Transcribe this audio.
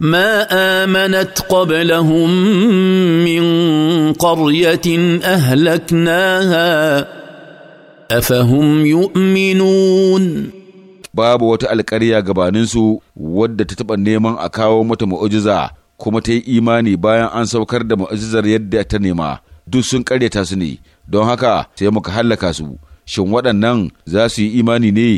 ما امنت قبلهم من قريه اهلكناها افهم يؤمنون babu wata alƙarya gabaninsu wadda ta taɓa neman a kawo mata mu'ujiza kuma ta yi imani bayan an saukar da mu'ujizar yadda ta nema duk sun ƙaryata su ne don haka sai muka hallaka su shin waɗannan za su yi imani ne